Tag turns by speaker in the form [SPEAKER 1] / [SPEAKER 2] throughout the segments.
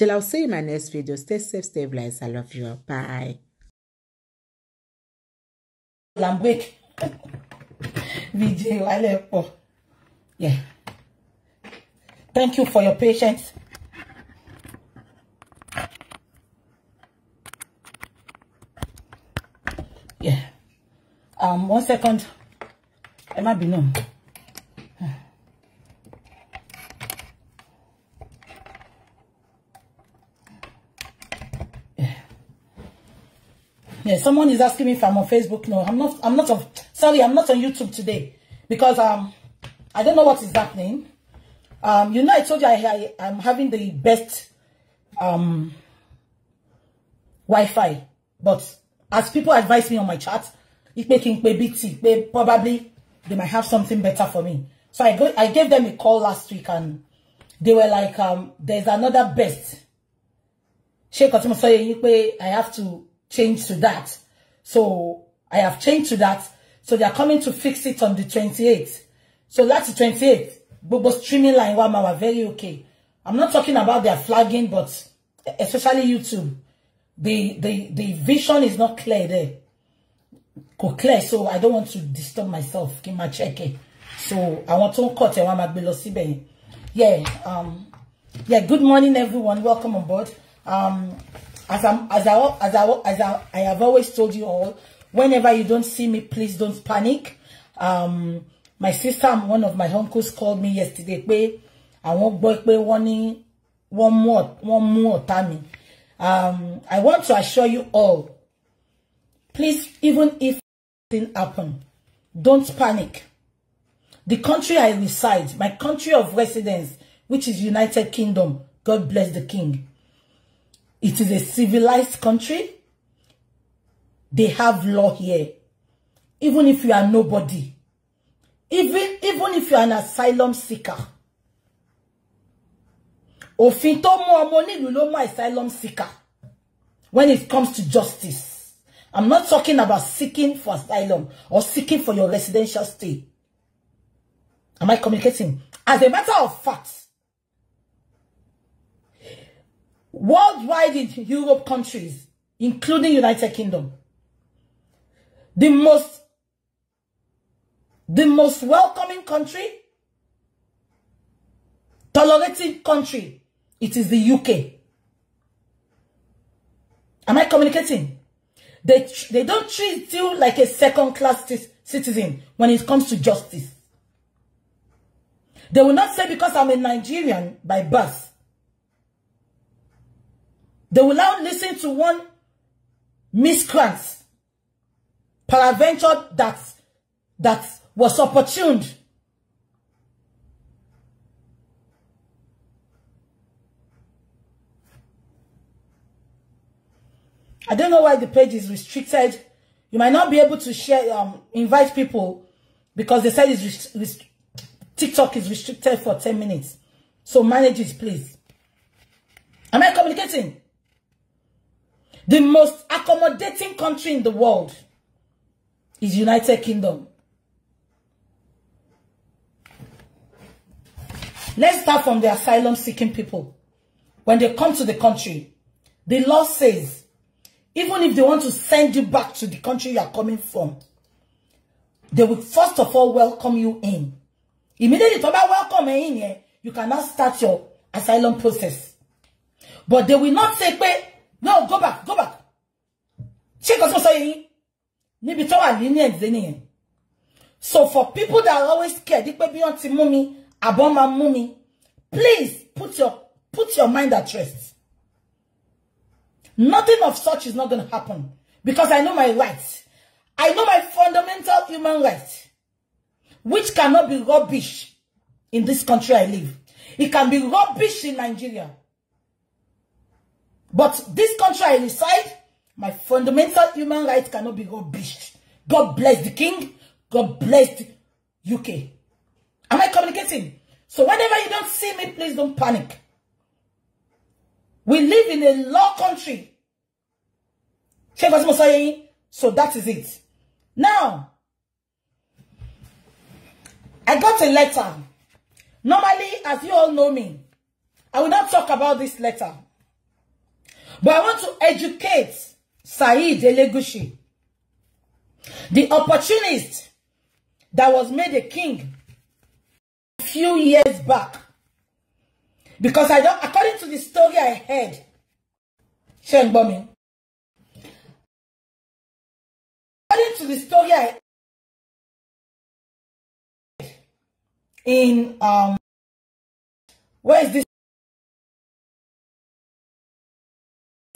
[SPEAKER 1] Till I'll see you in my next video. Stay safe, stay blessed. I love you. Bye. Lambwick. VJ Yeah. Thank you for your patience. Yeah. Um, one second. Emma Binom. Yeah, someone is asking me if I'm on Facebook. No, I'm not. I'm not on. Sorry, I'm not on YouTube today because um, I don't know what is happening. Um, you know, I told you I, I am having the best um Wi-Fi, but as people advise me on my chat, it's making maybe BT, probably they might have something better for me. So I go, I gave them a call last week and they were like, um, there's another best. She I have to change to that. So I have changed to that. So they are coming to fix it on the 28th. So that's the 28th. Bobo streaming line one, ma very okay. I'm not talking about their flagging, but especially YouTube. The, the, the vision is not clear there. Kò clear, so I don't want to disturb myself. Keep my check it. So want tó cut ẹ̀ wọ́n máa gbé Yeah, um, yeah, good morning everyone. Welcome on board. Um, as, I'm, as, I, as, I, as I, I have always told you all, whenever you don't see me, please don't panic. Um, my sister one of my uncles called me yesterday I àwọn gbọ́ pé wọ́n ní one more time. Um, I want to assure you all, please, even if something happen, don't panic. The country I reside, my country of residence, which is United Kingdom, God bless the King. It is a civilized country. They have law here. Even if you are nobody. Even, even if you are an asylum seeker. Òfin tó mú ọmọ nílùú asylum seeker. When it comes to justice. I'm not talking about seeking for asylum or seeking for your residential stay. Am I communicating? As a matter of fact, worldwide in Europe countries, including United Kingdom, the most, the most welcoming country, tolerating country, it is the UK. Am I communicating? They, they don't treat you like a second-class citizen when it comes to justice. They will not say because I'm a Nigerian by birth they will now listen to one miscreant, paraventure that, that was opportuned. I don't know why the page is restricted. You might not be able to share, um, invite people because they said it's TikTok is restricted for 10 minutes. So manage it, please. Am I communicating? The most accommodating country in the world is United Kingdom. Let's start from the asylum seeking people. When they come to the country, the law says, even if they want to send you back to the country you are coming from, they will first of all welcome you in. Immediately, talk about welcome in here, you cannot start your asylum process. But they will not say, no, go back, go back. Check what tó sọ yín? Níbi tó wà lenient So for people that are always scared, pé baby wọ́n ti mú mi, mommy, please put your put your mind at rest. Nothing of such is not going to happen because I know my rights. I know my fundamental human rights, which cannot be rubbish in this country I live. It can be rubbish in Nigeria. But this country I reside, my fundamental human rights cannot be rubbished. God bless the king. God bless the UK. Am I communicating? So whenever you don't see me, please don't panic. We live in a law country. So that is it. Now, I got a letter. Normally, as you all know me, I will not talk about this letter. But I want to educate Saeed Elegushi, the opportunist that was made a king a few years back. Because I don't, according to the story I heard, Sheng bombing. According to the story I in um where is this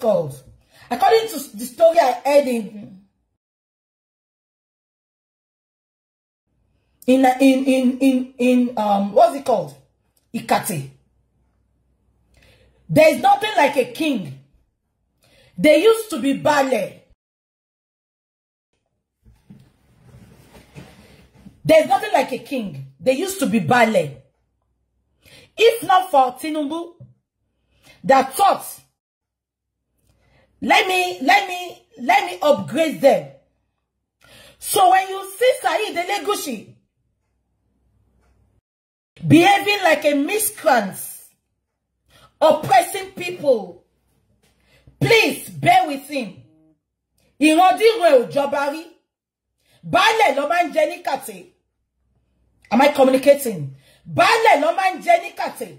[SPEAKER 1] called. According to the story I heard in in in in in, in um what's it called? Ikate. There is nothing like a king. They used to be ballet. There's nothing like a king. They used to be ballet. If not for Tinubu, that thought let me, let me, let me upgrade them. So when you see Saeed Elegushi behaving like a miscreant, oppressing people, please bear with him. Ìrandíran ò jọba rí. Baálẹ̀ ló máa ń jẹ kàtẹ́. Am I communicating? Baálẹ̀ ló máa ń kàtẹ́.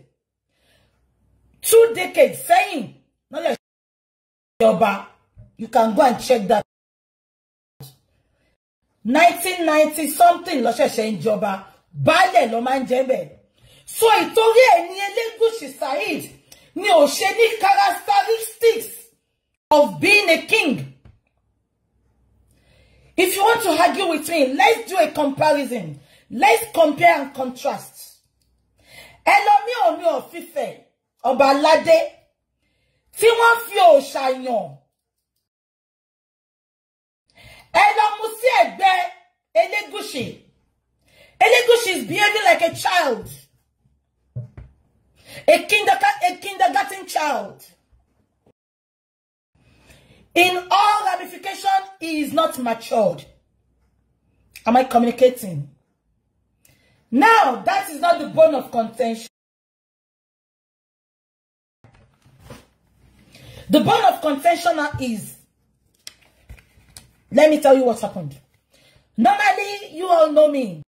[SPEAKER 1] Two decades saying. Yoba. You can go and check that. 1990 something ló ṣẹ̀ṣẹ̀ ń jọba by ló máa man jẹ́ so ìtorí ẹ̀ ní Elégùṣì Saheed ni ò ṣe ní characteristics of being a king. If you want to argue with me let's do a comparison let's compare and contrast. ẹlòmíì omi ò fífẹ̀ ọba aládé tí wọ́n fi òòṣà yàn ẹ lọ mú sí ẹ̀gbẹ́ Elégùṣì is behaving like a child a, kinder, a kindergarten child in all ramification he is not matured am I communicating now that is not the bone of contention. The bone of contention is, let me tell you what happened. Normally, you all know me.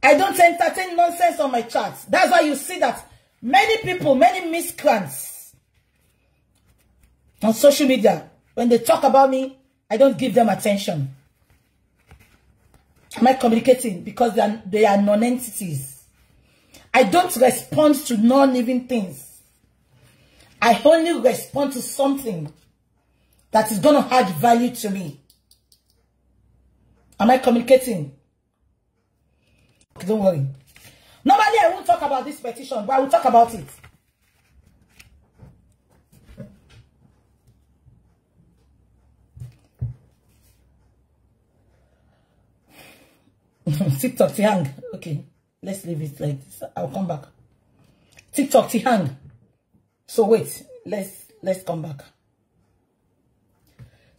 [SPEAKER 1] I don't entertain nonsense on my charts. That's why you see that many people, many miscreants on social media, when they talk about me, I don't give them attention. Am I communicating? Because they are, they are non-entities. I don't respond to non-living things. I only respond to something that is going to add value to me. Am I communicating? Don't worry. Normally, I won't talk about this petition, but I will talk about it. TikTok, hang. Okay. Let's leave it like this. I'll come back. TikTok T hang. So wait, let's let's come back.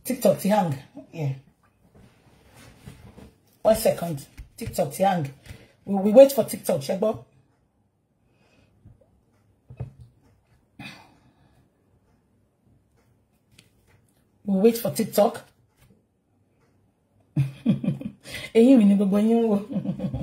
[SPEAKER 1] TikTok T hang. Yeah. One second. TikTok T We, we wait for TikTok, Shebo. We wait for TikTok.